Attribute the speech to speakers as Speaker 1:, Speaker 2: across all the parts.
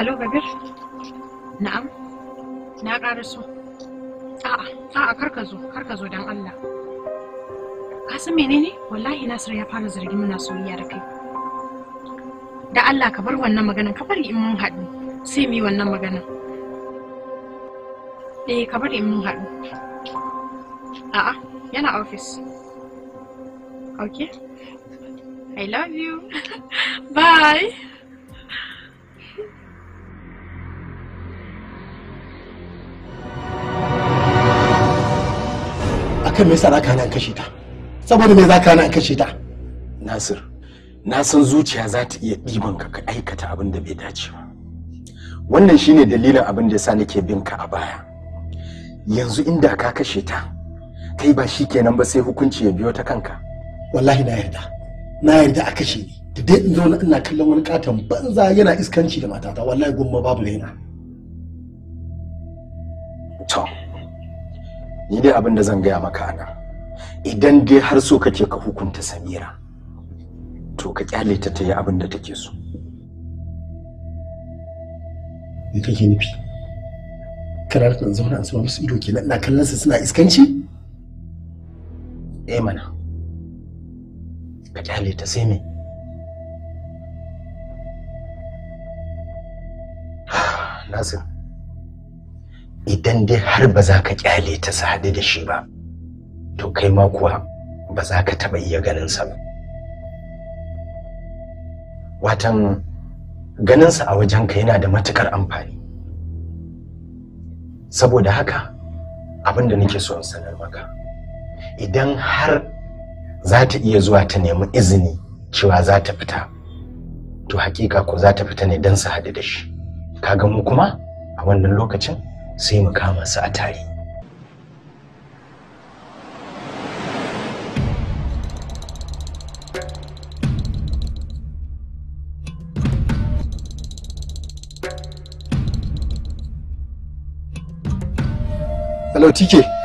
Speaker 1: Hello, Kabir. Na'am. Na ƙara so. A'a, a'a kar ka zo, kar ka zo don Allah. Ka san menene? Wallahi Nasir ya fara zargin muna soyayya da kai. Da Allah ka bar wannan maganan, ka bari in mun haɗu. Sai mu yi wannan eh, ka bari in mun haɗu. A'a, yana Okay? I love you. Bye.
Speaker 2: kan me yasa za ka nan kashe ta saboda me za ka nan kashe ta nasir na san zuciya za ta iya ɗiban ka ka aikata abin da bai dace ba wannan shine dalilin abin da yasa nake bin ka a baya yanzu inda ka kashe ta kai ba shi kenan ba sai hukunci ya biyo ta kanka wallahi na yarda na yarda a kashe ni da dai in zauna ina kallon wani katon banza yana iskanci da matata wallahi gumma babu raina to ni dai abin da zan gaya maka ana idan dai har so kake ka hukunta samira to ka kyale ta ta yi abin da take so ni kake nufi karar kan zauna a sama su ido ke na kallon su suna iskanci eh mana ka kyale ta sai me Nasir idan dai har ba za ka kyale ta su haɗu da shi ba to kai ma kuwa ba za ka taɓa iya ganinsa ba watan ganinsa a wajenka yana da matukar amfani saboda haka abin da nake so in sanar maka idan har za ta iya zuwa ta nemi izini cewa za ta fita to hakika ko za ta fita ne don su haɗu da shi kaga mu kuma a wannan lokacin sai mu kama su a tare Hello, TK.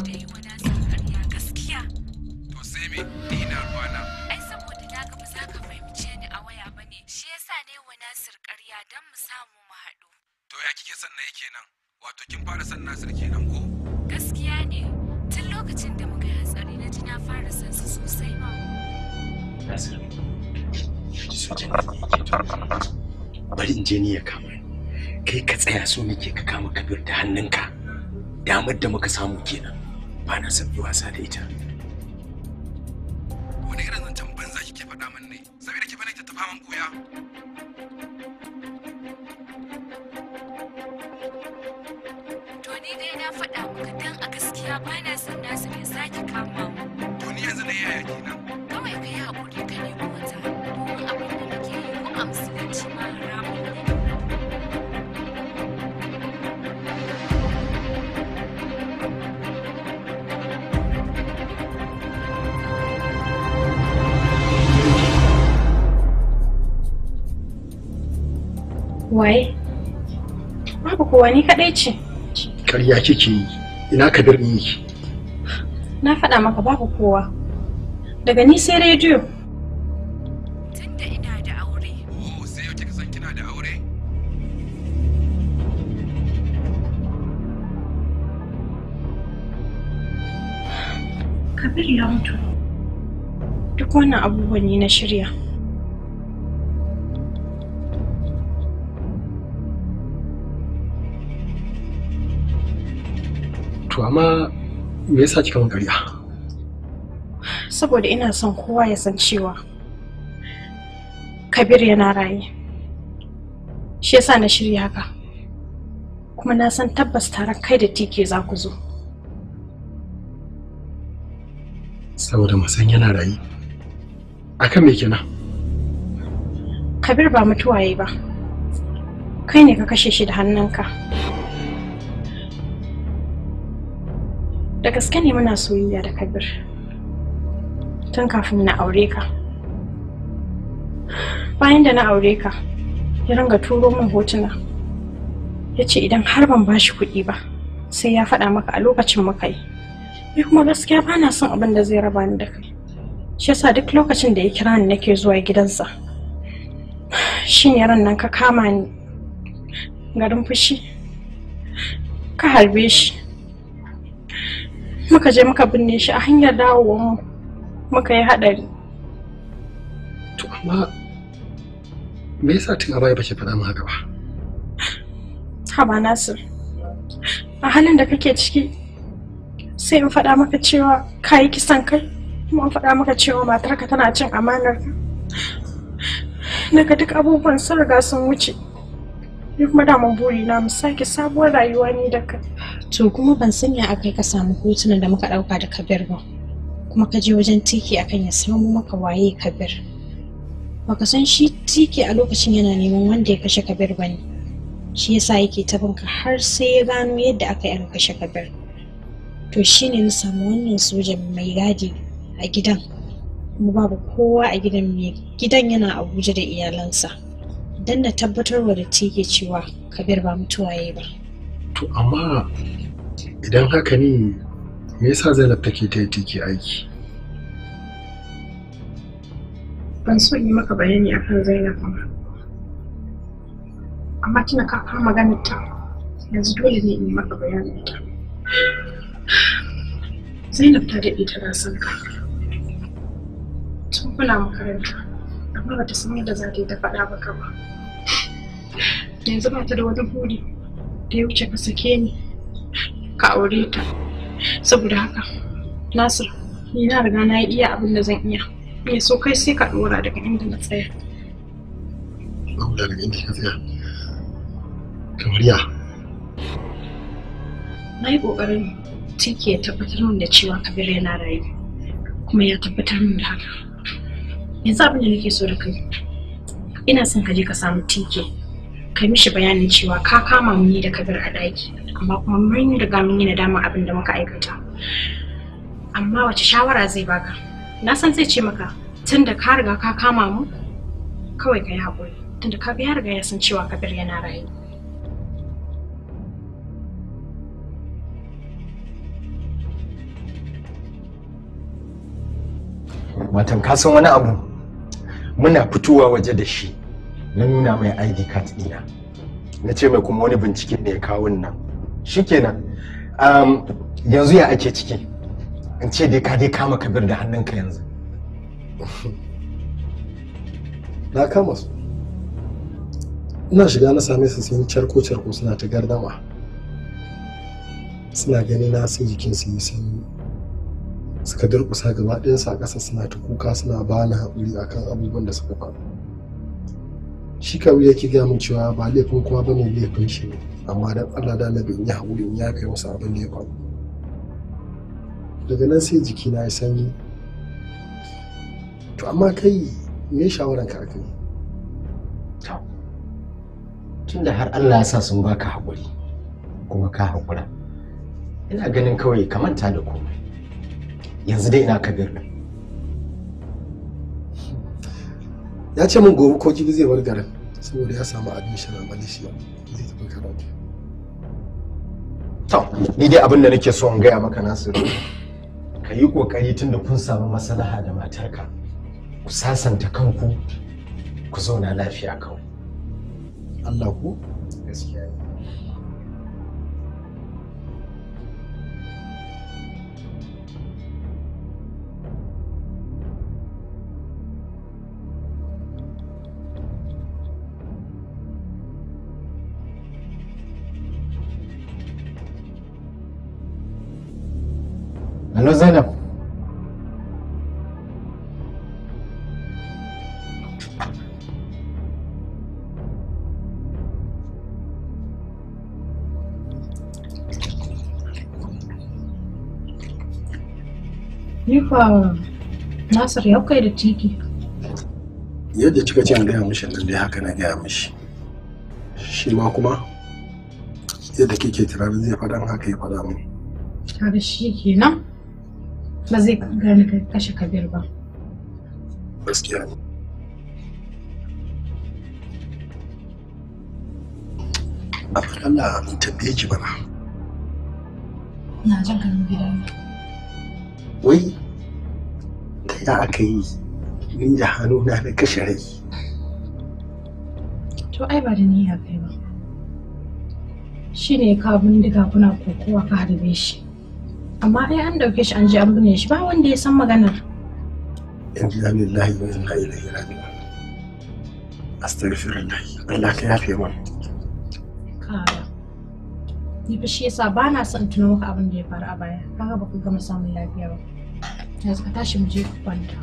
Speaker 3: shi ta yi wani asin karya gaskiya.
Speaker 4: To sai me ni na
Speaker 5: Ai
Speaker 3: saboda na ga za ka fahimce ni a waya ba ne shi yasa ne wani asin karya don mu samu mu haɗu.
Speaker 5: To ya kike son na yake nan? Wato kin fara son Nasir kenan ko?
Speaker 3: Gaskiya ne tun lokacin da muka yi hatsari na ji na fara son su
Speaker 2: sosai ma. Nasir. Bari in je ni ya kama kai ka tsaya so nake ka kama kabir da hannunka damar da muka samu kenan ba na son yi wasa da ita
Speaker 1: Waye? Babu kowa ni kadai ce.
Speaker 2: Karya kike yi, ina kabir ɗin yake.
Speaker 1: Na faɗa maka babu kowa. Daga ni sai rediyo. Tunda oh, Kabir ya mutu. Duk wannan abubuwan ne na shirya.
Speaker 2: Amma me yasa kika mun
Speaker 1: Saboda ina son kowa ya san cewa Kabir yana raye. Shi yasa na shirya haka. Kuma na san tabbas tare kai da tike za ku zo.
Speaker 2: Saboda musan yana raye. Akan me kenan?
Speaker 1: Kabir ba mutuwaye ba. Kai ne ka kashe shi da hannunka. da gaske ne muna soyayya da kabir tun kafin na aure ka bayan da na aure ka ya ranga turo min hotuna ya ce idan har ban bashi kuɗi ba sai ya faɗa maka a lokacin muka yi ni kuma gaskiya ba na son abin da zai raba ni da kai shi yasa duk lokacin da ya kira ni nake zuwa gidansa shin ran nan ka kama ni garin fushi ka harbe shi muka je muka binne shi a hanyar dawowa mu muka yi haɗari to amma
Speaker 2: me yasa tun a baya ba ke faɗa mu haka ba
Speaker 1: haba nasir a halin da kake ciki sai in faɗa maka cewa ka yi kisan kai kuma in faɗa maka cewa matarka tana cin amanar ka daga duk abubuwan sun riga sun wuce duk madaman buri na mu sake sabuwar rayuwa ni da kai to kuma ban san ya akai ka samu hotunan da muka ɗauka da kabir ba kuma ka je wajen tiki akan ya samu maka waye kabir baka san shi tiki a lokacin yana neman wanda ya kashe kabir ba ne shi yasa yake ta binka har sai ya gano yadda aka yi kashe kabir to shine na samu wannan sojan mai gadi a gidan kuma babu kowa a gidan mai gidan yana abuja da iyalansa don na tabbatarwa da tiki cewa kabir ba mutuwaye ba
Speaker 2: to amma idan haka ne me yasa zainab take ta take aiki
Speaker 1: ban so yi maka bayani akan zainab ba amma kina ka fara magana ta yanzu dole ne in maka bayani ta zainab ta daɗe ta son ka tun kuna makaranta amma ba ta san yadda za ta yi ta faɗa maka ba yanzu ba ta da wani buri da ya wuce ka sake ni ka aure ta saboda haka nasir ni na riga na iya abin da zan iya me so kai sai ka dora daga inda na tsaya
Speaker 2: dora daga inda ka tsaya kamar ya
Speaker 1: na yi ƙoƙarin ciki ya tabbatar min da cewa kabir yana rayu kuma ya tabbatar min da haka yanzu abin da nake so da kai ina son ka je ka samu tike kai mishi bayanin cewa ka kama mu ni da kabir a ɗaki amma kuma mun riga mun yi nadama abin da muka aikata amma wace shawara zai baka na san zai ce maka tunda ka riga ka kama mu kawai ka yi haƙuri tunda ka ya riga ya san cewa kabir yana raye
Speaker 2: Matan ka san wani abu muna fitowa waje da shi na nuna mai id card ɗina na ce mai kuma wani bincike ne ya kawo nan shikenan um, yanzu ya ake ciki in ce dai ka dai kama kabir da hannunka yanzu na kama su ina shiga na same su sun carko carko suna ta gardama suna gani na sai jikin su yi sanyi suka durkusa gaba ɗayansu a ƙasa suna ta kuka suna bani haƙuri akan abubuwan da suka faru shi kawu yake gaya min cewa ba laifin kuma ba ne laifin shi ne amma dan allah da na haƙuri ya kai masa abin da ya faru daga nan sai jikina ya sanyi to amma kai me shawaran ka tun tunda har allah ya sa sun baka haƙuri kuma ka haƙura ina ganin kawai ka manta da komai yanzu dai ina kabir ya ce min gobe ko jibi zai bar garin saboda ya samu admission a malaysia zai tafi karatu to ni dai abin da nake so in gaya maka nasiru ka yi kokari tunda kun samu maslaha da matarka ku sasanta kanku ku zauna lafiya kawai Allah ku
Speaker 1: Nifa Nasir ya kai da ciki.
Speaker 2: Yadda kika ce an gaya mishi nan dai haka na gaya mishi. Shi ma kuma yadda kike tunanin zai faɗa haka ya faɗa min.
Speaker 1: Kaga shi kenan ba zai gani ka kashe kabir ba.
Speaker 2: Gaskiya ne. Abdullah in tabbe ki bana.
Speaker 6: Na jin ganin gidan
Speaker 2: wai da ya aka yi ni da hannuna na kashe rai
Speaker 1: to ai ba da niyya kai ba shi ne ka bindiga kuna kokowa ka harbe shi amma ai an dauke shi an je an bune shi ba wanda ya san maganar
Speaker 2: yanzu da lillahi wa inna ilaihi raji'un astaghfirullah Allah ka yafe mun
Speaker 1: kaya ni fa shi yasa ba na son tuno maka abin da ya faru a baya kaga ba ku gama samun lafiya ba yanzu ka tashi mu je kwanta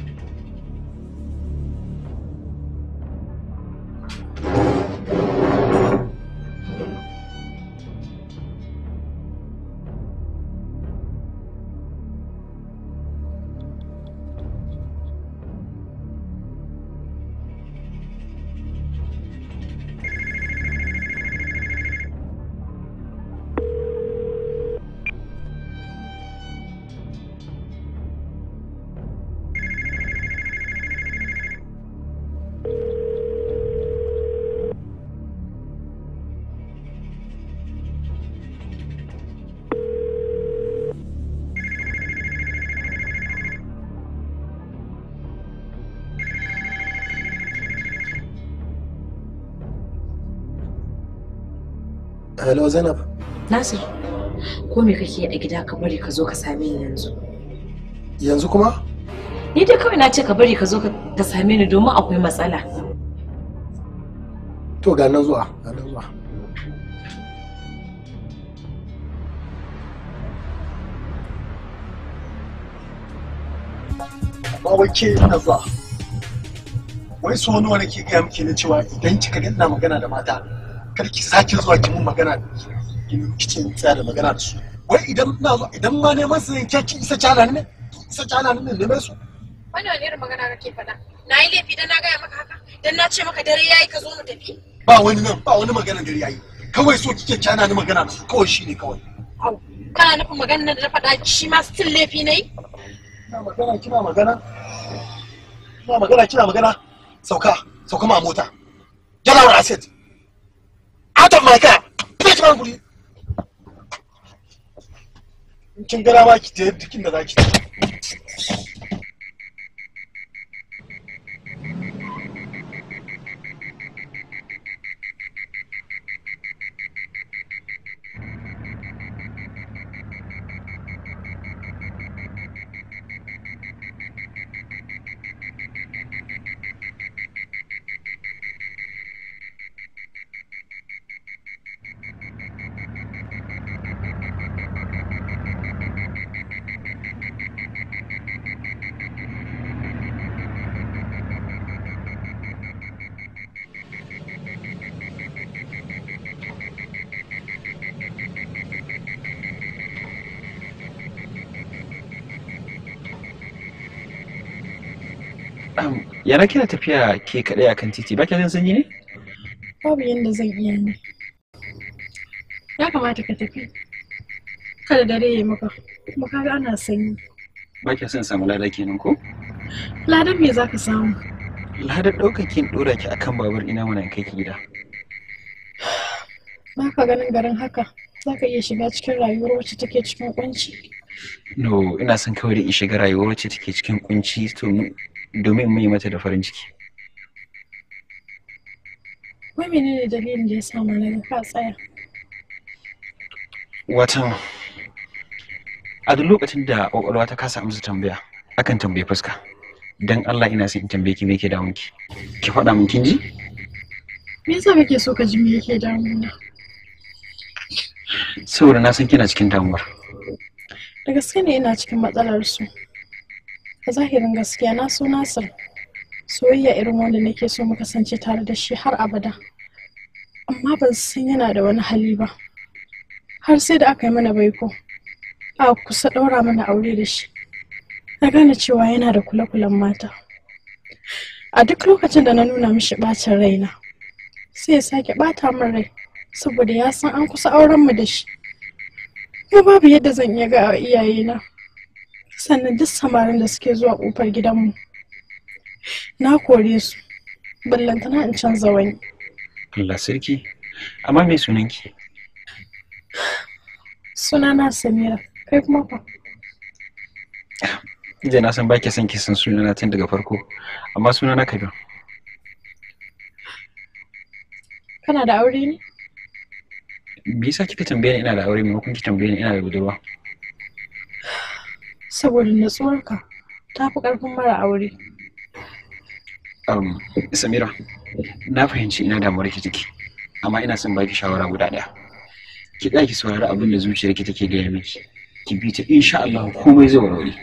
Speaker 1: Hello Zainab. Nasir, ko me kake a gida ka bari ka zo ka same ni yanzu? Yanzu kuma? Ni dai kawai na ce ka bari ka zo ka same ni domin akwai matsala.
Speaker 2: To ga nan zuwa, ga nan zuwa. Ba wai na zuwa. Wai sonuwa nake gaya miki na cewa idan kika danna ina magana da mata karki sake zuwa ki mun magana kicin tsaya da magana da su wai idan na zo idan ma neman su ke ki isa cana ne isa cana ne mai su
Speaker 1: wani wani irin magana kake faɗa na yi laifi dan na gaya maka haka dan na ce maka dare yayi ka zo mu tafi
Speaker 2: ba wani nan ba wani magana dare yayi kawai so kike cana ni magana da su kawai shine kawai
Speaker 1: kana nufin magana da na faɗa shi ma still laifi na yi kina magana kina magana
Speaker 2: kina magana kina magana sauka sauka ma mota jalawar asset out of my car please man guri kin gara ma ki je duk inda zaki
Speaker 7: yana kina tafiya ke kaɗai a kan titi ba kya jin sanyi ne
Speaker 1: babu yadda zan iya ne ya kamata ka tafi kada dare ya maka kuma kaga ana sanyi
Speaker 7: ba kya son samu lada kenan ko
Speaker 1: ladan me ka samu
Speaker 7: ladar ɗaukakin ɗora ki akan babur ina mana kai ki gida
Speaker 1: ba ka ganin garin haka za ka iya shiga cikin rayuwar wacce take cikin kunci
Speaker 7: no ina son kawai da in shiga rayuwar wacce take cikin kunci to domin mu yi mata da farin ciki
Speaker 1: wai ne dalilin da ya sa malam ka tsaya
Speaker 7: watan a duk lokacin da kwakwalwa ta kasa amsa tambaya akan tambaye fuska dan Allah ina son in tambaye ki me yake damun ki ki faɗa min kin ji
Speaker 1: me yasa kake so ka ji me yake damuna
Speaker 7: saboda na san kina cikin damuwar
Speaker 1: da gaske ne ina cikin matsalar su a zahirin gaskiya na so nasir soyayya irin wanda nake so mu kasance tare da shi har abada amma ban san yana da wani hali ba har sai da aka yi mana baiko a kusa ɗaura mana aure da shi na gane cewa yana da kula-kulan mata a duk lokacin da na nuna mishi ɓacin raina sai ya sake ɓata min rai saboda ya san an kusa auren mu da shi ko babu yadda zan iya ga iyayena sannan duk samarin da suke zuwa ƙofar gidanmu na kore su ballantana in canza wani
Speaker 7: Allah sarki amma me sunanki
Speaker 1: sunana samira kai kuma fa
Speaker 7: je na san baki son kisan sunana tun daga farko amma sunana kabir
Speaker 1: kana da aure ne
Speaker 7: me kika tambaye ni ina da aure maimakon ki tambaye ni ina da budurwa
Speaker 1: saboda nasuwarka ta fi ƙarfin mara aure.
Speaker 7: Um, Samira, na fahimci ina damuwar ki take, amma ina son baki shawara guda ɗaya. Ki ɗaki saurari abin da zuciyarki take gaya miki, ki bi ta insha Allah komai zai warware.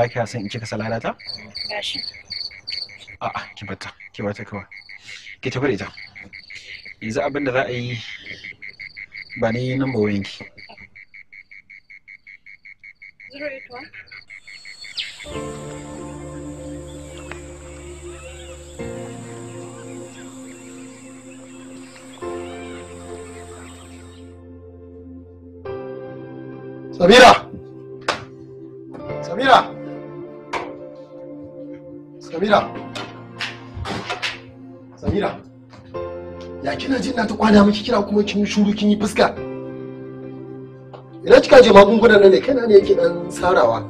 Speaker 7: ba kya san in kika salada ta? Gashi. ki bata, ki bata kawai. Ki tafi da ita. Yanzu abin da za a yi ba ni wayanki.
Speaker 2: Sabira! Samira. Samira. Ya kina jin na ta kwana miki kira kuma kin shuru kin yi fuska. Ina kika je magungunan nan ne kana ne yake dan sarawa.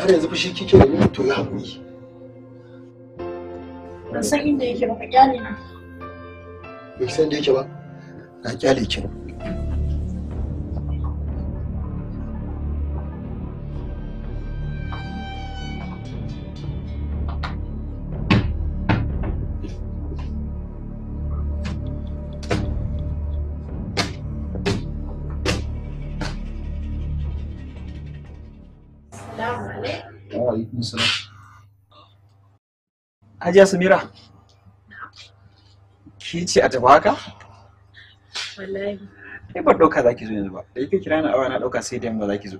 Speaker 2: Har yanzu fushi kike da ni to ya hakuri.
Speaker 1: Ban san inda yake ba ka kyale na.
Speaker 2: Bai san inda yake ba. Na kyale ki.
Speaker 7: Hajiya Samira. Ki ce a tafi haka?
Speaker 1: Wallahi. Ai ba ɗauka
Speaker 7: za ki zo yanzu ba. Da yake kira ni awa na ɗauka sai da yamma za ki zo.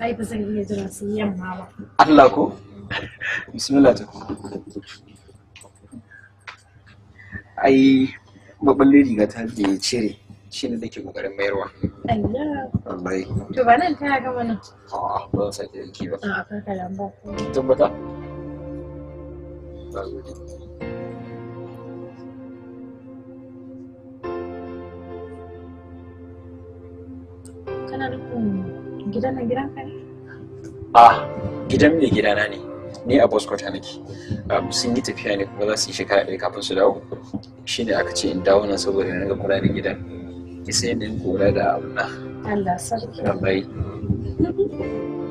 Speaker 1: Ai ba zan iya jira sai yamma ba.
Speaker 7: Allah ko? Bismillah ta ko. Ai babban riga ta bai cire shi ne dake kokarin mayarwa.
Speaker 1: Allah. Wallahi. To ba nan ta ga mana.
Speaker 7: A'a ba sai
Speaker 6: ki ba.
Speaker 1: A'a ka kalamba.
Speaker 6: Tabbata? na
Speaker 1: gidan na gidan ne
Speaker 7: ah gidan mai gidana ne ni a ta nake sun yi tafiya ne kuma za su yi shekara ɗaya kafin su dawo shi ne aka ce in dawo nan saboda na ga kula da gidan ki sai da kula da abu na
Speaker 1: Allah sarki Allah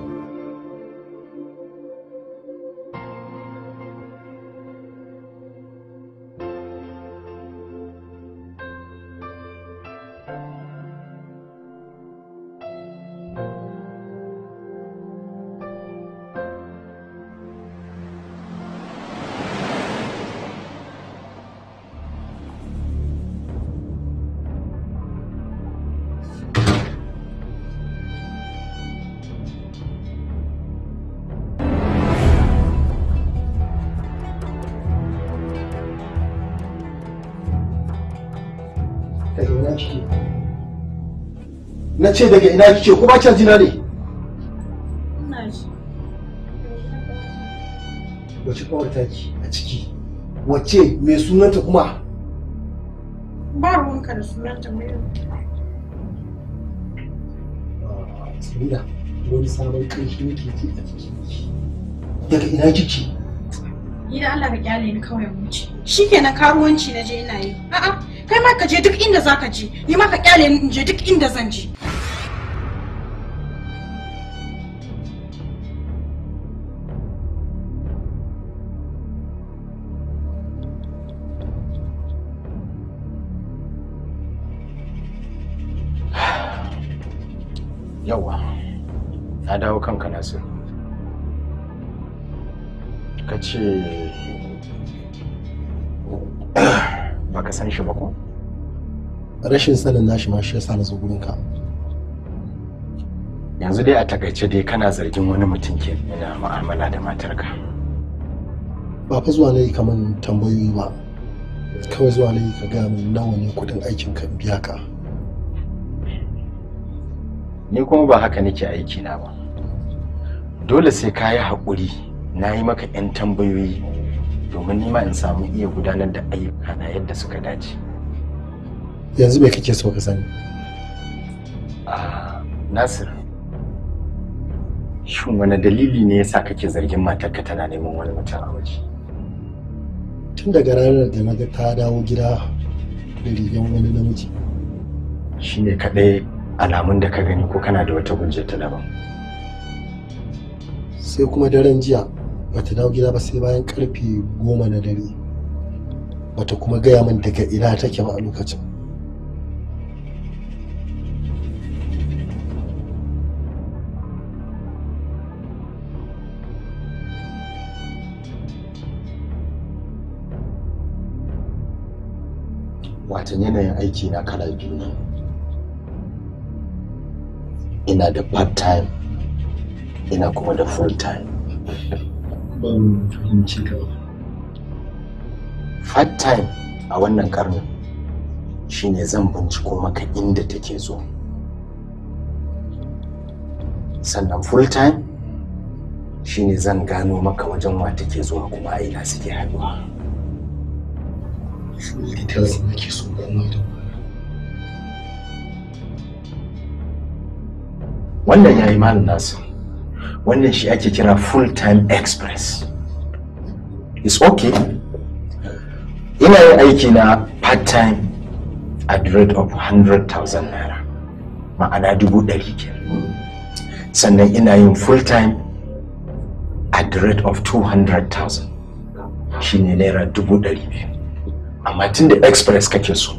Speaker 2: ce daga ina kike ko ba jina ne wace kawarta ki a ciki wace mai sunanta kuma
Speaker 1: ba ruwanka da sunanta mai
Speaker 2: Samira, wani sabon ƙarfi ke ji a jiki.
Speaker 1: Daga ina kike? Ni da Allah ka kyale ni kawai wuce. Shi Shikenan karuwanci na je ina yi. A'a, kai ma ka je duk inda ka je. Ni ma ka kyale ni in je duk inda zan je.
Speaker 2: ce baka san shi ba ko? Rashin sanin nashi ma shi ya sa na zo gurinka. Yanzu dai a takaice dai kana zargin wani mutum ke yana mu'amala da matarka. Ba fa zuwa nayi kaman tambayoyi ba. Kawai zuwa nayi ka gaya min nawa ne kuɗin aikin ka biya ka. Ni kuma ba haka nake aiki na ba. Dole sai ka yi haƙuri na yi maka 'yan tambayoyi domin nima in samu iya gudanar da ayyuka na yadda suka dace yanzu bai kake so ka sani ah nasir shin wani dalili ne yasa kake zargin matarka tana neman wani mutum a waje tun daga ranar da ga ta dawo gida da rigan wani namiji shine kadai alamun da ka gani ko kana da wata hujjata daban sai kuma daren jiya ba ta dawo gida ba sai bayan karfe goma na dare bata kuma gaya min daga ina take ba a lokacin watan yanayin aiki na kala biyu ina da part time ina kuma da full time Ban fahimci ka ba. Fat time a wannan karnin shine zan binciko maka inda take zo. Sannan full time shine zan gano maka wajen wa take zuwa kuma a ina suke haɗuwa. Details so da Wannan ya yi malin nasu. wannan shi ake kira full time express it's okay ina yin aiki na part time at the rate of 100,000 naira ma'ana dubu ɗari ke sannan ina yin full time at the rate of 200,000 shine naira dubu ɗari amma tun da express kake so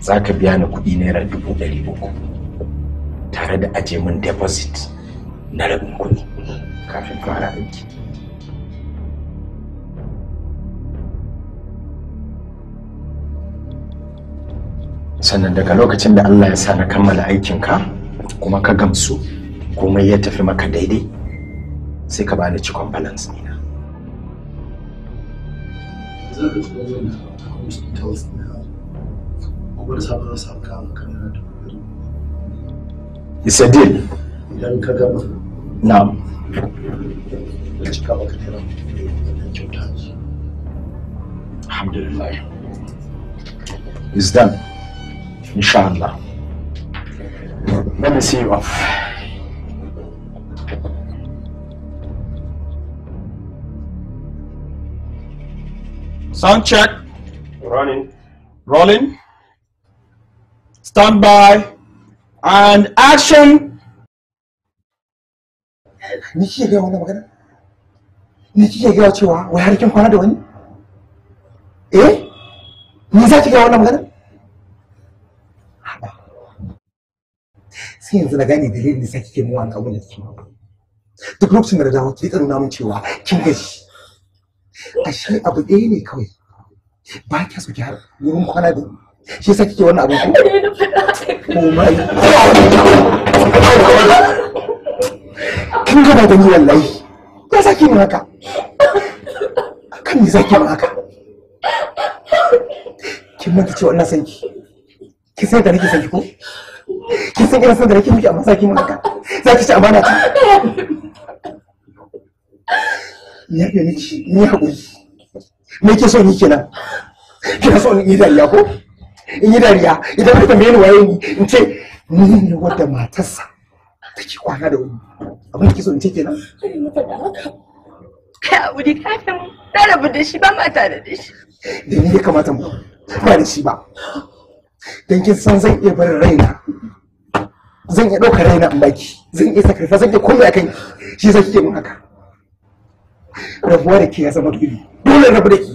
Speaker 2: za ka biya ni kuɗi naira dubu ɗari uku tare da aje min deposit na rabin kuɗi kafin fara aiki. sannan daga lokacin da Allah ya sa na kammala aikinka kuma ka gamsu komai ya tafi maka daidai sai ka bani cikon balance ne. It's a deal. No. Let's go look at it. Alhamdulillah. It's done. Inshallah. Let me see you off. Sound check. Running. Rolling. Stand by. And action. ni kike ga wannan magana ni kike ga cewa wai har kin kwana da wani eh ni za ki ga wannan magana sai yanzu na gane dalilin da sai kike mu wannan abun da kike duk lokacin da dawo ki nuna mun cewa kin A ashe abu ɗaya ne kawai ba ki so ki har wurin kwana da shi sai kike wannan abun ko mai kin gaba da ni wallahi ya zaki min haka kan me zaki min haka kin manta cewa wannan sanki ki sai san da nake sanki ki ko ki san ina son da nake miki amma zaki min haka zaki ci amana ta ya ga miki ni hakuri me ke so ni kenan kina so in yi dariya ko in yi dariya idan ka tambaye ni waye ni in ce ni ne wata matarsa take kwana da wani abin da so in ce kenan
Speaker 3: kai mata da haka kai abu ka san na rabu da shi ba mata da shi
Speaker 2: da ni ya kamata mu ba da shi ba dan kin san zan iya barin raina zan iya ɗaukar raina in baki zan iya sakarfa zan iya komai akan shi yasa kike mun haka rabuwa da ke ya zama dole dole rabu da ke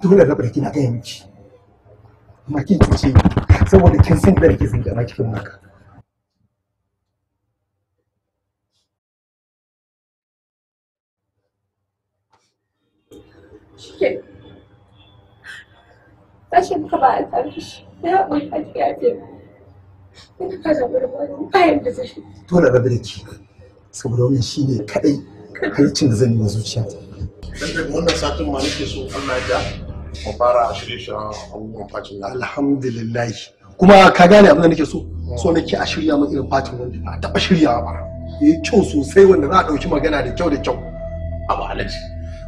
Speaker 2: dole rabu da ke na gaya miki makin saboda kin san da rike sun na cikin maka
Speaker 5: tashi muka ba a tsari shi ya mun haƙi ya ce ina ka zaɓi da wani bayan da zai shi
Speaker 2: dole rabu da ke saboda wani shi ne kaɗai halicin da zan yi wa zuciya.
Speaker 4: Ɗan daga wannan satin ma nake so Allah ya ja, fara a shirye shi
Speaker 2: abubuwan fatin na alhamdulillah kuma ka gane abin da nake so so nake a shirya mun irin fatin wanda ba taɓa shiryawa ba ya yi kyau sosai wanda za a ɗauki magana da kyau da kyau
Speaker 4: abu alaji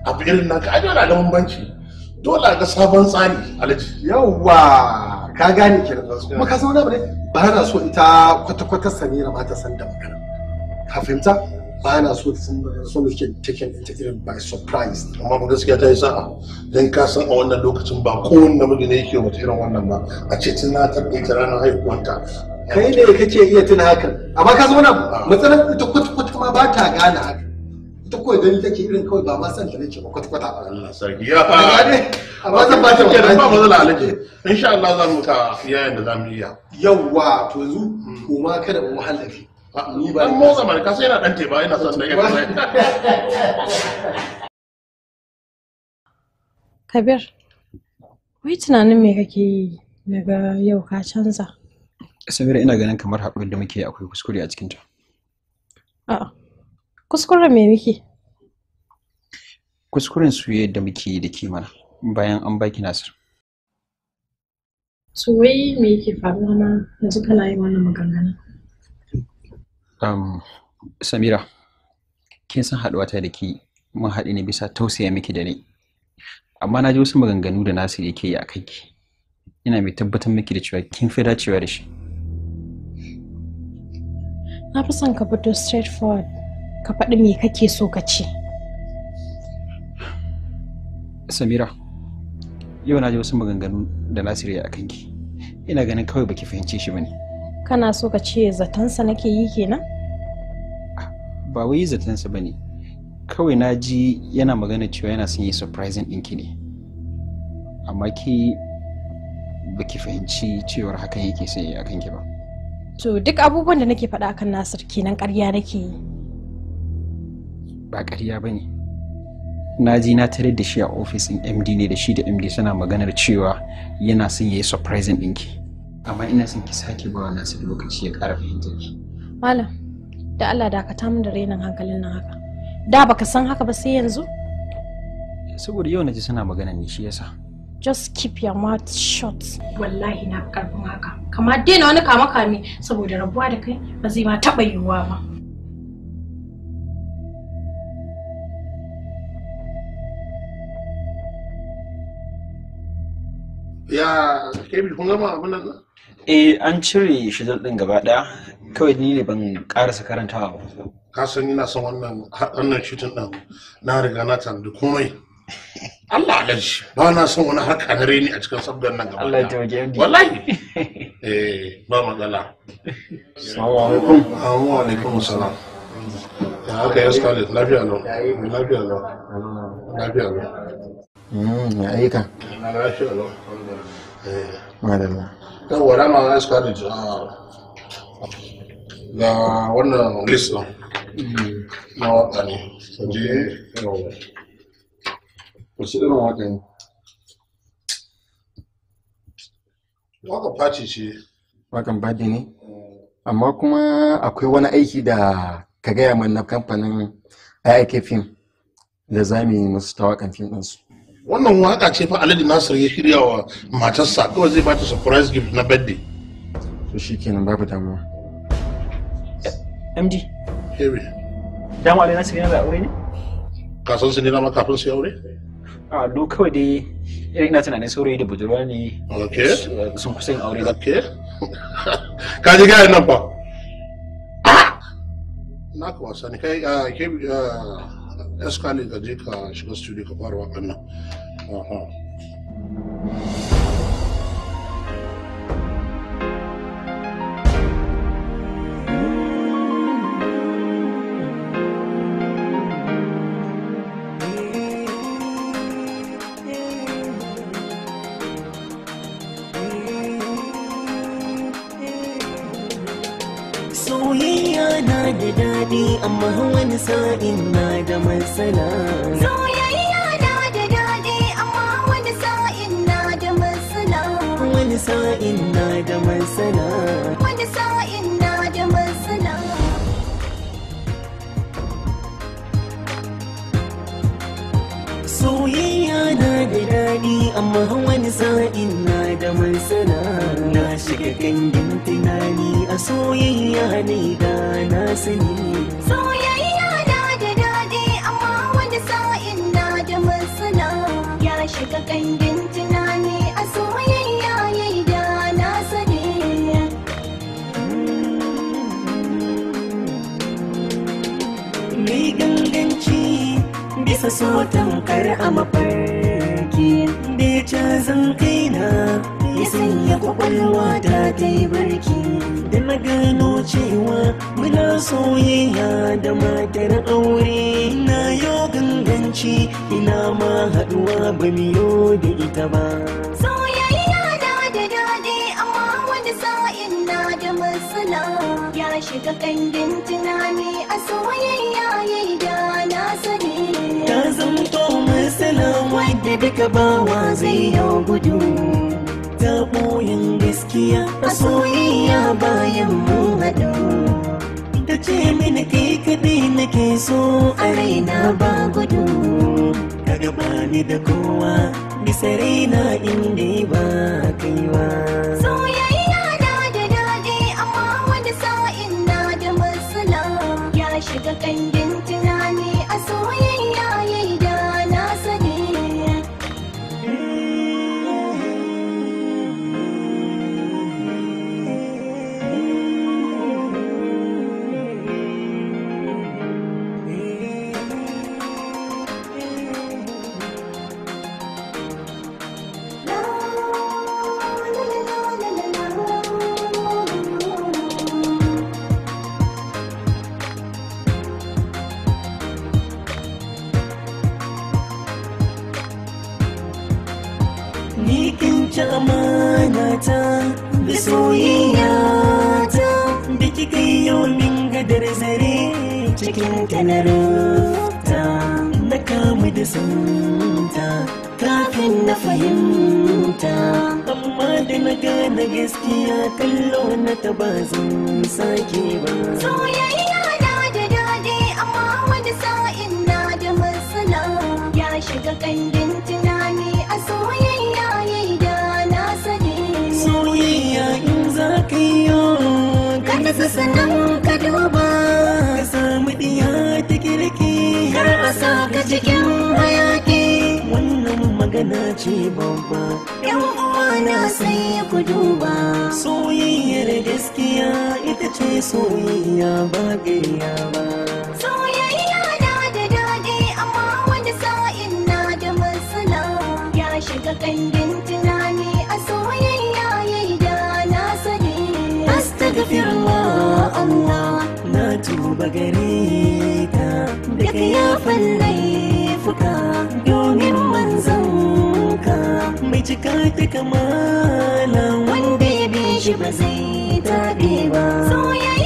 Speaker 4: abu irin naka ai dole da bambanci dole ga sabon tsari alaji
Speaker 2: yawwa ka gane ke kuma ka san wani abu ne ba na so ita kwata-kwata samira ma ta san da magana ka fahimta ba na so sun so da ke taken ita
Speaker 4: irin by surprise amma mu gaskiya ta yi sa'a don ka san a wannan lokacin ba ko kowanne namiji ne yake mutu irin wannan ba a ce tana ta ita ranar haihuwanta kai ne kake iya tuna hakan
Speaker 2: amma ka zo na matsalar ita kwata-kwata ma ba ta gane haka ita kawai gani take irin kawai ba ma san ta nake ba kwata-kwata
Speaker 4: Allah sarki ya fa
Speaker 2: amma zan ba ta kenan ba mazala
Speaker 4: alaje insha Allah za mu ka yayin da za mu iya yawa to yanzu hmm. kuma kada mu hallafi dan motsa mai kasa yana dan teba yana son da yake
Speaker 1: Kabir wai tunanin me kake yi daga yau ka canza
Speaker 7: Samira ina ganin kamar haƙuri da muke akwai kuskure a cikinta
Speaker 1: A'a kuskuren me muke
Speaker 7: Kuskuren yi da muke yi da kimana bayan an baki Nasir
Speaker 1: So wai me yake faruwa na yanzu kana yi wannan maganganun
Speaker 7: um, samira kin san haɗuwata da ki mun haɗu ne bisa tausaya miki da ni amma na ji wasu maganganu da nasu ke yi a kanki ina mai tabbatar miki da cewa kin fi dacewa da shi
Speaker 1: na fi son ka fito straight forward ka faɗi me kake so ka ce
Speaker 7: samira yau na ji wasu maganganu da nasiri a kanki ina ganin kawai baki fahimce shi bane
Speaker 1: kana so ka ce zatonsa nake yi kenan
Speaker 7: ba wai zatonsa ba ne kawai na ji yana magana cewa yana son yi surprising ɗinki ne amma ki baki fahimci cewar hakan yake sai a kanki ba
Speaker 1: to duk abubuwan da nake faɗa akan nasir kenan ƙarya nake yi
Speaker 7: ba ƙarya ba ne na ji na tare da shi a ofisin md ne da shi da md suna maganar cewa yana son yi surprising ɗinki amma ina son ki sake ba wa nasu lokaci ya ƙara fahimtar ki
Speaker 1: malam da Allah dakata min da renin hankalin nan haka da baka san haka ba sai yanzu
Speaker 7: saboda yau naji suna magana ne shi yasa
Speaker 1: just keep your mouth shut wallahi na karfin haka kama daina wani kama kame saboda rabuwa da kai ba zai ma taba yiwuwa ba
Speaker 4: ya kebir kun gama abin nan
Speaker 7: eh an cire shidal din gaba daya kawai ni ne ban karasa karantawa ba
Speaker 4: ka san ina son wannan wannan shutun din na riga na tanadi komai Allah alaji ba na son wani harka na reni a cikin sabgan nan gaba Allah ya tawaje ni wallahi eh ba matsala
Speaker 5: assalamu alaikum wa alaikum assalam
Speaker 4: ya haka ya lafiya lau lafiya lau lafiya lau mm, ayyuka lafiya madalla yawwa dama na iska da na wannan list ɗin hmm, na waka ne je yawwa wasu irin waka ne waka fati ce wakan badi ne amma kuma akwai wani aiki da ka gaya mana kamfanin aikafin da za mu musu ta wakan fim ɗinsu wannan waka ce fa alhaji nasir ya shirya wa matarsa kawai zai bata surprise gift na birthday
Speaker 2: to shikenan babu damuwa
Speaker 6: md
Speaker 4: hebe dama alhaji nasir yana da aure ne ka san su ne dama kafin su aure a do kawai dai irin na tunanin saurayi da budurwa ne sun kusa yin aure ka ji gaya nan fa ah! na ka wasa ne kai ah, ah, eskalin ka je ka shiga studio ka fara waƙan nan
Speaker 5: amma wani sa'in na da matsala soyayya na
Speaker 3: da amma wani sa'in na da matsala
Speaker 5: wani sa'in na da wani sa'in na da soyayya na da daɗi, amma wani sa'in da mai na shiga gangin tunani a soyayya ne da na sani
Speaker 3: soyayya da da amma wani sa'in na da mai ya shiga gangin tunani a soyayya ya yi da na sani
Speaker 5: Mai ganganci bisa so tamkar a mafarki cazan kaina ya sanya kwakwalwa ta ta yi barki da na gano cewa muna soyayya da matar aure na yo ganganci ina ma haɗuwa ba miyo da ita ba Sauyayya
Speaker 6: na da daɗi amma
Speaker 3: sa'in na da matsala ya shiga kandin tunani a soyayya ya yi da na sani salon wadda
Speaker 5: duka bawa zai yau gudu ta ɓoyin gaskiya a soyayya bayan mu haɗu Ta ce mini kai kaɗai nake so a raina ba gudu ka ni da kowa bisa raina inda ba kaiwa ta da soyayya ta da kika yi yau min gadar zare cikin ta na na kamu da sunta kafin na fahimta amma da na gane gaskiya kallo na ta ba zan sake ba soyayya ka cikin hayaki wannan magana ce babba yan uwana sai ku duba soyayyar gaskiya ita ce soyayya ba gayya ba soyayya
Speaker 3: na da daɗi amma wani sa'in na da matsala ya shiga kangin tunani a soyayya yayi da na sani
Speaker 5: astaghfirullah Allah na tuba gare ta daga yafan ta kamala wanda ya bi shi ba zai taɓe ba soyayya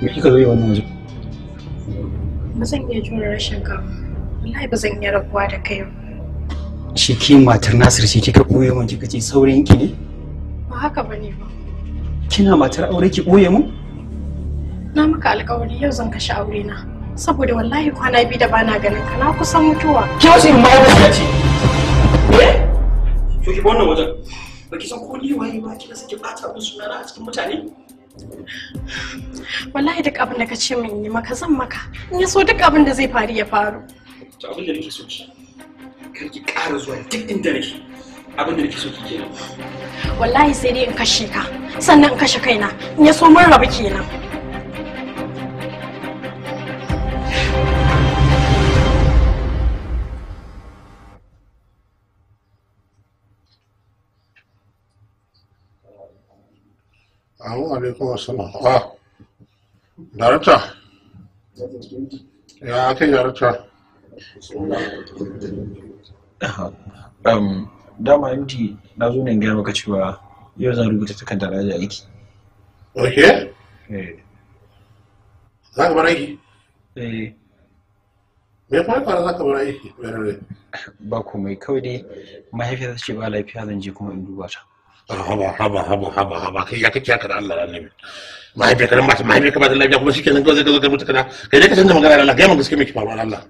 Speaker 7: me kika zo yi wannan wajen
Speaker 1: ba zan iya jure rashin ka wallahi ba zan iya rabuwa da kai
Speaker 7: shi ke matar Nasir ce kika koyo mun kika ce saurayin ki ne
Speaker 1: ba haka bane ba
Speaker 7: kina matar aure ki boye mun?
Speaker 1: na maka alƙawari yau zan kashe aure na saboda wallahi kwana biyu da bana ganin ka na kusan mutuwa ki
Speaker 7: wasu in ba da ce eh ki ki wannan wajen
Speaker 5: Ba ki san ko ni waye ba ki da sake bata abin sunana a cikin mutane
Speaker 1: wallahi duk abin da ka ce min yi maka zan maka in ya so duk abin da zai faru ya faru
Speaker 2: to abin da nake so ki kar ki ƙara zuwa duk inda nake abin da nake so ki kenan
Speaker 1: wallahi sai dai in kashe ka sannan in kashe kaina in ya so mun rabu kenan
Speaker 4: Assalamu alaikum assalam. Ah, darakta. Ya ake darakta.
Speaker 7: Um, dama MT na zo ne gaya maka cewa yau zan rubuta takarda na da aiki. Ok? Eh.
Speaker 4: Za ka bar aiki? Eh. Me kuma
Speaker 7: fara za ka bar aiki? Ba komai kawai dai mahaifiyar ta ce ba lafiya zan je kuma
Speaker 4: in duba ta. haba haba haba haba haba kai ya kake haka da Allah annabi mahaifiyarka nan mata mahaifiyarka ba ta lafiya kuma shikenan kawai zai ka zo ka mutu kana kai dai ka canza magana da Allah gaya min gaske me ke faruwa da Allah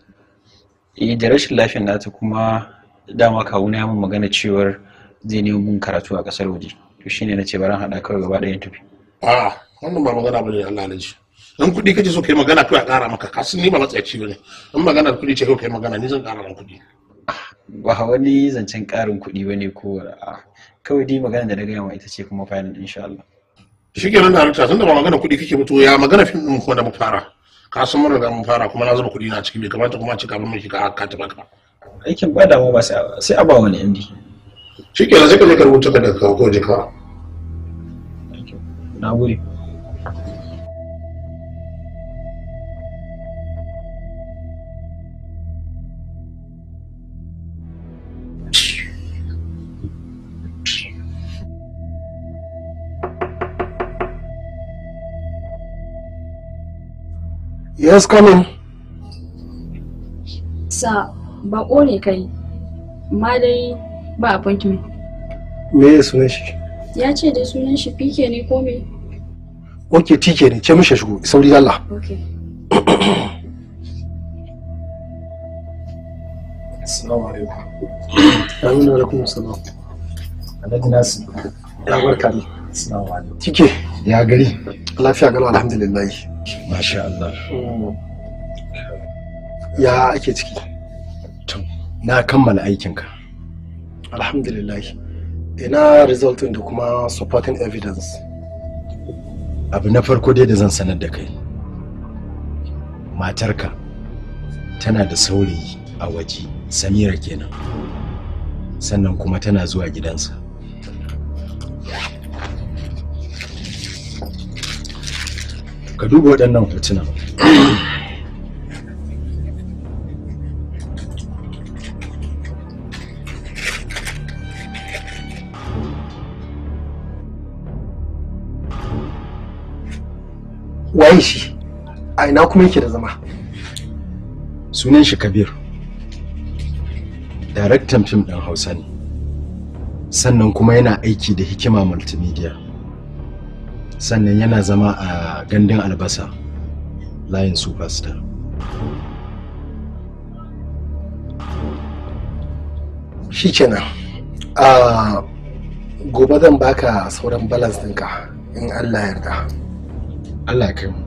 Speaker 7: eh da rashin lafiyar nata kuma dama kawuna ya min magana cewar zai nemo mun karatu a kasar waje to shine nace bari hada kawai gaba ɗayan tufi.
Speaker 4: a'a wannan ba magana bane Allah alaji in kuɗi kace so kai magana to ya ƙara maka kasan ni ba matsayaci ne. in magana kuɗi ce kai magana ni zan ƙara maka kuɗi
Speaker 7: ba wani zancen ƙarin kuɗi ba ne ko a
Speaker 4: kawai dai magana da na gaya ma ita ce kuma final insha Allah.
Speaker 7: shi kenan da halitta tunda ba magana kuɗi kake
Speaker 4: mutu ya magana fim ɗin ko da mu fara ka san mun riga mun fara kuma na zuba kuɗi na ciki bai kamata kuma a cika mun shi ka ka taɓa ka.
Speaker 7: aikin ba damu ba sai a ba wani indi. shi kenan sai ka je
Speaker 4: ka rubuta ka daga kawo ka.
Speaker 7: na gode.
Speaker 2: Yes, come in.
Speaker 1: Sir, ba ne kai, ma dai ba a appointment.
Speaker 2: Me ya sunan shi?
Speaker 1: Ya ce da sunan shi fike ne ko me?
Speaker 2: Ok, tike ne, ce mishi shigo, sauri Allah.
Speaker 5: Ok. Assalamu alaikum.
Speaker 2: Assalamu alaikum salam. Alhaji Nasir. Ya barka ne. Assalamu alaikum. Tike. Ya gari. Lafiya galo alhamdulillah. Masha Allah. Ya ake ciki? Na kammala aikinka. Alhamdulillah. Ina result da kuma supporting evidence. Abu na farko dai da zan sanar da kai. Matarka tana da saurayi a waje, Samira kenan. Sannan kuma tana zuwa gidansa. ka duba waɗannan hotuna waye shi a ina kuma yake da zama sunan shi kabir daraktan fim ɗin hausa ne sannan kuma yana aiki da hikima multimedia sannan yana zama a gandun albasa layin superstar shikenan a gobe zan baka sauran balance ɗinka in allah yarda allah kai mu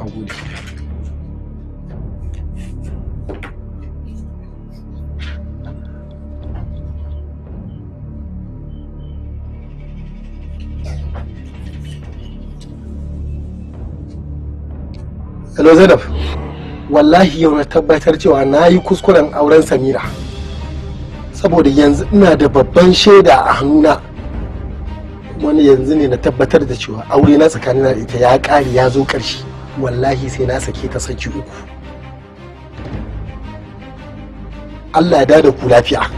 Speaker 2: a gode Hello Zainab. Wallahi yau na tabbatar cewa na yi kuskuren auren Samira. Saboda yanzu ina da babban shaida a hannuna. Wani yanzu ne na tabbatar da cewa aure na tsakanin da ita ya ƙari ya zo ƙarshe. Wallahi sai na sake ta saki uku. Allah ya da ku lafiya.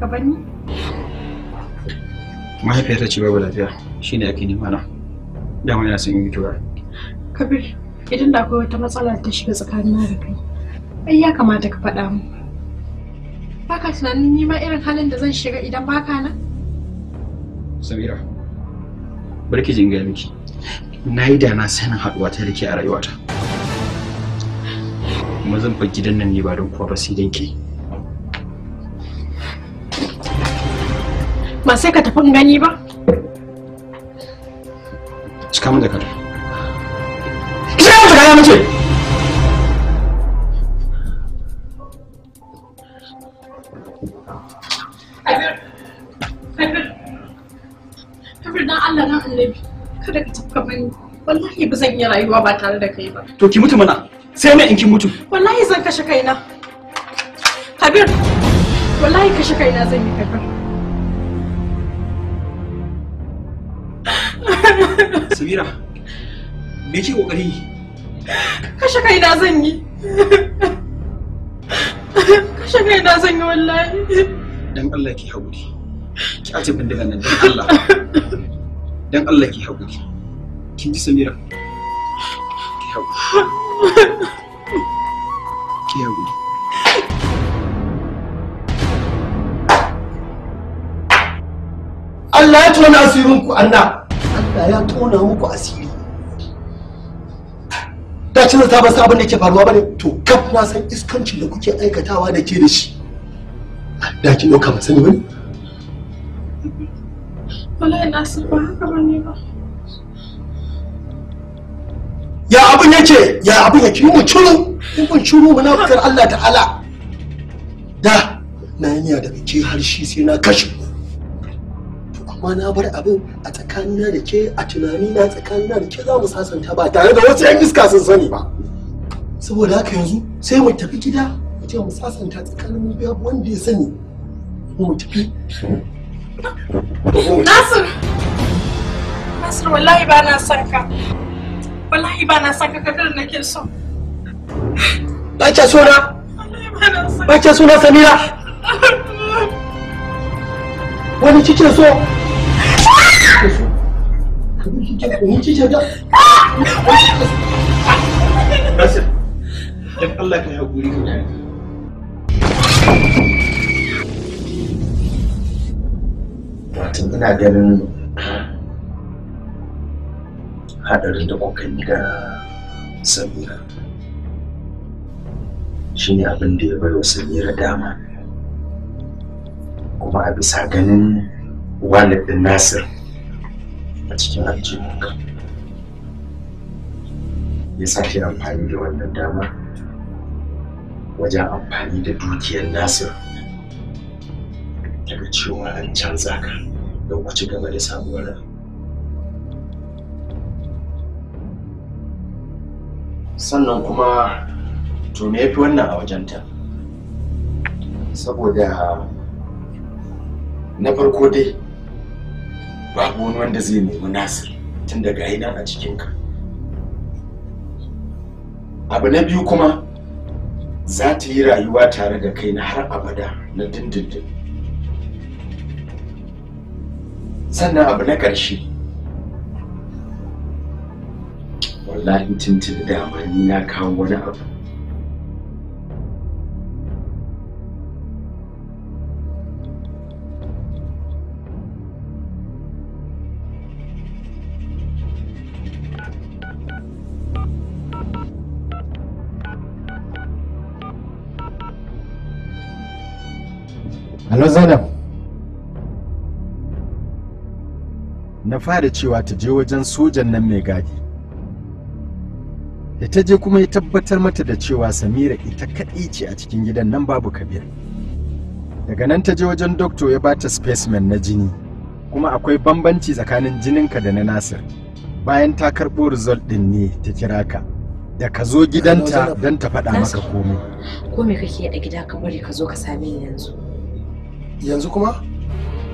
Speaker 1: ka bani
Speaker 7: mahaifiyata ce babu lafiya shine ake nema na dama yana son yi tura
Speaker 1: kabir idan da akwai wata matsala ta shiga tsakanin na da kai ai ya kamata ka faɗa mu baka tunanin ni ma irin halin da zan shiga idan baka na
Speaker 7: samira barki jin gaya miki na yi da na sanin haɗuwa ta rike a rayuwata kuma zan fa gidan nan ne ba don kuwa ba sai don ke
Speaker 1: ba sai ka tafi gani ba cika min da kada cika min da kada mace Kabir dan Allah na kada ka tafi bani wallahi ba zan iya rayuwa ba tare da kai ba
Speaker 7: to ki mutu mana sai mai in ki mutu
Speaker 1: wallahi zan kashe kaina Kabir wallahi kashe kaina zan yi Kabir
Speaker 7: Samira, me ke kokari?
Speaker 2: Kashe kai na zan yi.
Speaker 1: Kashe kai na zan yi wallahi.
Speaker 7: Dan Allah ki haƙuri. Ki aje bindigan nan dan Allah. Dan Allah ki haƙuri.
Speaker 5: Kin ji Samira? Ki haƙuri. Ki haƙuri.
Speaker 2: Allah ya tona asirin ku Allah. Allah ya tona muku asiri da cin ta ba sabon da ke faruwa bane to kaf na san iskancin da kuke aikatawa da ke da shi da ki dauka ba sani bane ba ya abin yake ya abin yake mu curu kun curu munafikar Allah ta'ala da na yi da kike har shi sai na kashe ku amma na bar abin a tsakanina da ke a tunanina tsakanina da ke za mu sasanta ba tare da wasu yan iska sun sani ba saboda haka yanzu sai mu tafi gida mu je mu sasanta tsakanin mu biya wanda ya sani mu tafi
Speaker 1: Nasir Nasir wallahi ba na son ka wallahi ba na son ka kadar nake so
Speaker 5: ba kya so na ba kya so na Samira
Speaker 2: wani cikin so Basir, don Allah ina ganin haɗarin da kuka yi da Samira. shine abin da ya bai Samira dama. Kuma a bisa ganin walid Nasir. a cikin aljihunka ya sake amfani da wannan dama wajen amfani da dukiyar nasir daga cewa an canza ka don ku ci gaba da sabuwar sannan kuma to me yafi wannan a wajenta saboda na farko dai babu wani wanda zai nemi nasir tun daga yi a cikinka abu na biyu kuma za ta yi rayuwa tare da kai na har abada na dindindin sannan abu na ƙarshe wallahi tuntun da ni na kawo wani abu na fara cewa ta je wajen sojan nan mai gadi da ta je kuma ya tabbatar mata da cewa samira ita kaɗai ce a cikin gidan nan babu kabir daga nan ta je wajen doktor ya bata specimen na jini kuma akwai bambanci tsakanin jininka da na nasir bayan ta karɓo result ɗin ne ta kira ka da ka zo gidanta don ta faɗa maka
Speaker 1: komai komai kake a gida ka bari ka zo ka same ni yanzu yanzu kuma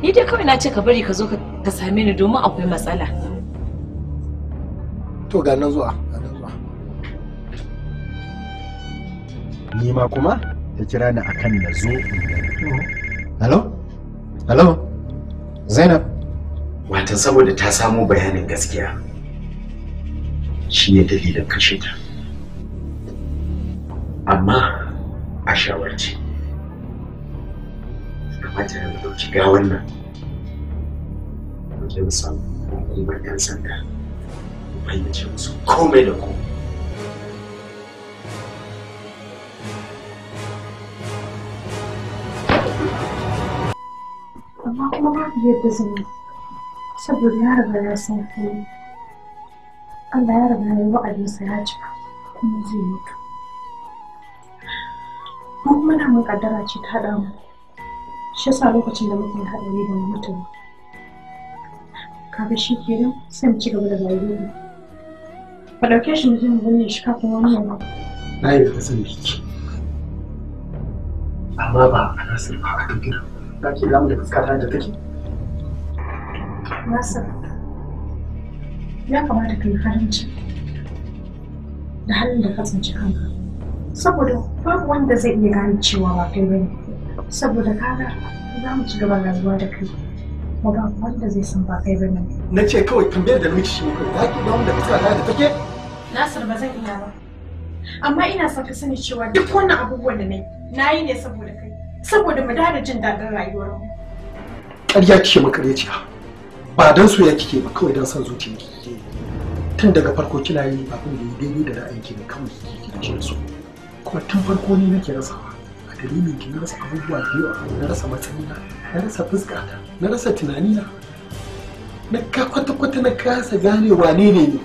Speaker 1: ni dai kawai na ce ka bari ka zo ka ka same ni domin akwai matsala.
Speaker 2: To ga nan zuwa, ga nan zuwa. Ni ma kuma ya kira ni akan na zo. Hello? Hello? Zainab? Watan saboda ta samu bayanin gaskiya. Shi ne dalilin kashe ta. Amma a shawarce. Kamata na dauki ga wannan. kin san hukumar ɗan sanda ya ce musu komai da komai
Speaker 1: amma kuma ba ku yadda zama yi saboda ya riga ya san fili Allah ya riga ya wa'adinsa ya cika kuma zai mutu mu kuma na mun kaddara ce ta haɗa mu shi yasa lokacin da muke haɗari da mutum kaga shi kenan sai mu ci gaba da rayuwa ka ɗauke shi mu je mu binne shi kafin wani yana
Speaker 2: na yi da sani kike amma ba a nasir ba a kan gida za ki zamu da fuskata da take
Speaker 1: nasir ya kamata ka yi farin da halin da ka tsinci kanka saboda babu wanda zai iya gane cewa ba kai bane saboda kaga za mu ci gaba rayuwa da kai Maga wanda zai san ba kai bane.
Speaker 2: Na ce kawai tambayar da miki shi ne kawai za ki damu da ka ta da take?
Speaker 1: Nasir ba zan iya ba. Amma ina son ka sani cewa duk wannan abubuwan da nayi na yi ne saboda kai. Saboda mu dada jin daɗin rayuwar mu.
Speaker 2: Ƙarya kike makareciya. Ba dan soyayya kike ba kawai dan son zuciyarki. Tun daga farko kina yi abin da ya daidai da ra'ayin ki ne kawai kike da shi su. Kuma tun farko ne nake rasawa. A dalilin ki na rasa abubuwa da yawa na rasa matsayi na na rasa fuskata na rasa tunanina na ka kwata-kwata na kasa gane wane ne ne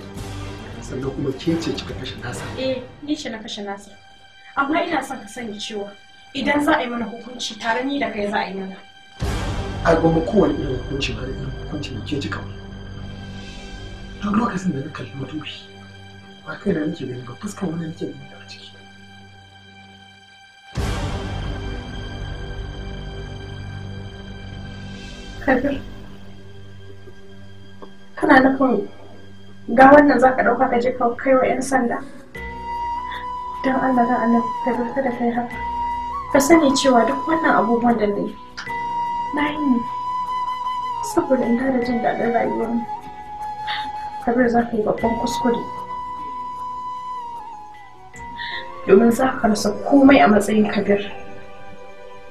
Speaker 2: sannan kuma ke ce kika kashe nasa
Speaker 1: eh ni ce na kashe nasa amma ina son ka sani cewa idan za a yi mana hukunci tare ni da kai za a yi mana
Speaker 2: a goma kowane irin hukunci ba da irin hukunci da ke jika duk lokacin da na kalli madubi ba kai da nake gani ba fuskar wani nake gani a ciki
Speaker 1: Kabir. Kana nufin ga wannan za ka ɗauka ka je ka kai wa 'yan sanda? Don Allah don Allah Kabir kada kai haka. Ka sani cewa duk wannan abubuwan da na yi, na yi ne. Saboda in da jin daɗin rayuwar mu. Kabir za ka yi babban kuskure. Domin za ka rasa komai a matsayin Kabir.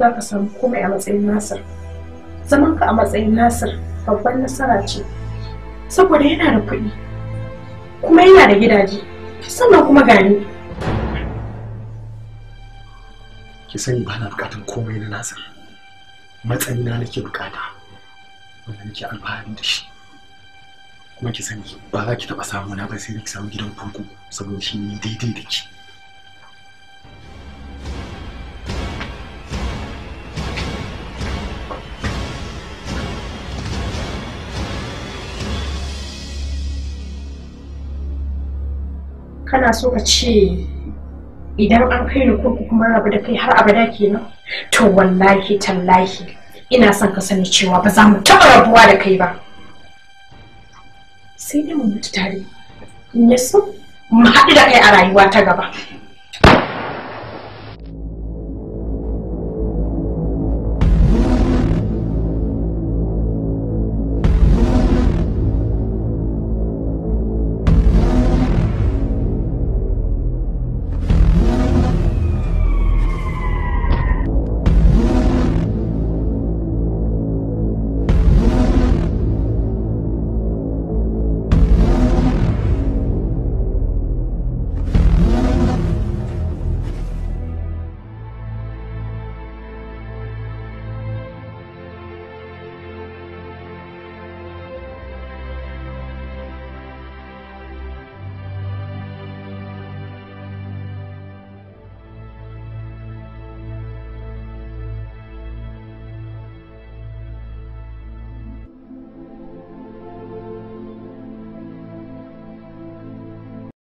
Speaker 1: Za ka samu komai a matsayin Nasir. zaman ka a matsayin nasir babban nasara ce saboda yana da kuɗi kuma yana da gidaje sannan kuma gani
Speaker 2: ki sani ba na bukatar komai na nasir na nake bukata wanda nake alfahari da shi kuma ki sani ba za ki taɓa samu na ba sai ki samu gidan kurkuku saboda shi ne daidai da ki
Speaker 1: kana so ka ce idan an kai ni kurku kuma rabu da kai har abada kenan to wallahi tallahi ina son ka sani cewa ba za mu taɓa rabuwa da kai ba sai dai mu mutu tare in yaso mu haɗu da kai a rayuwa ta gaba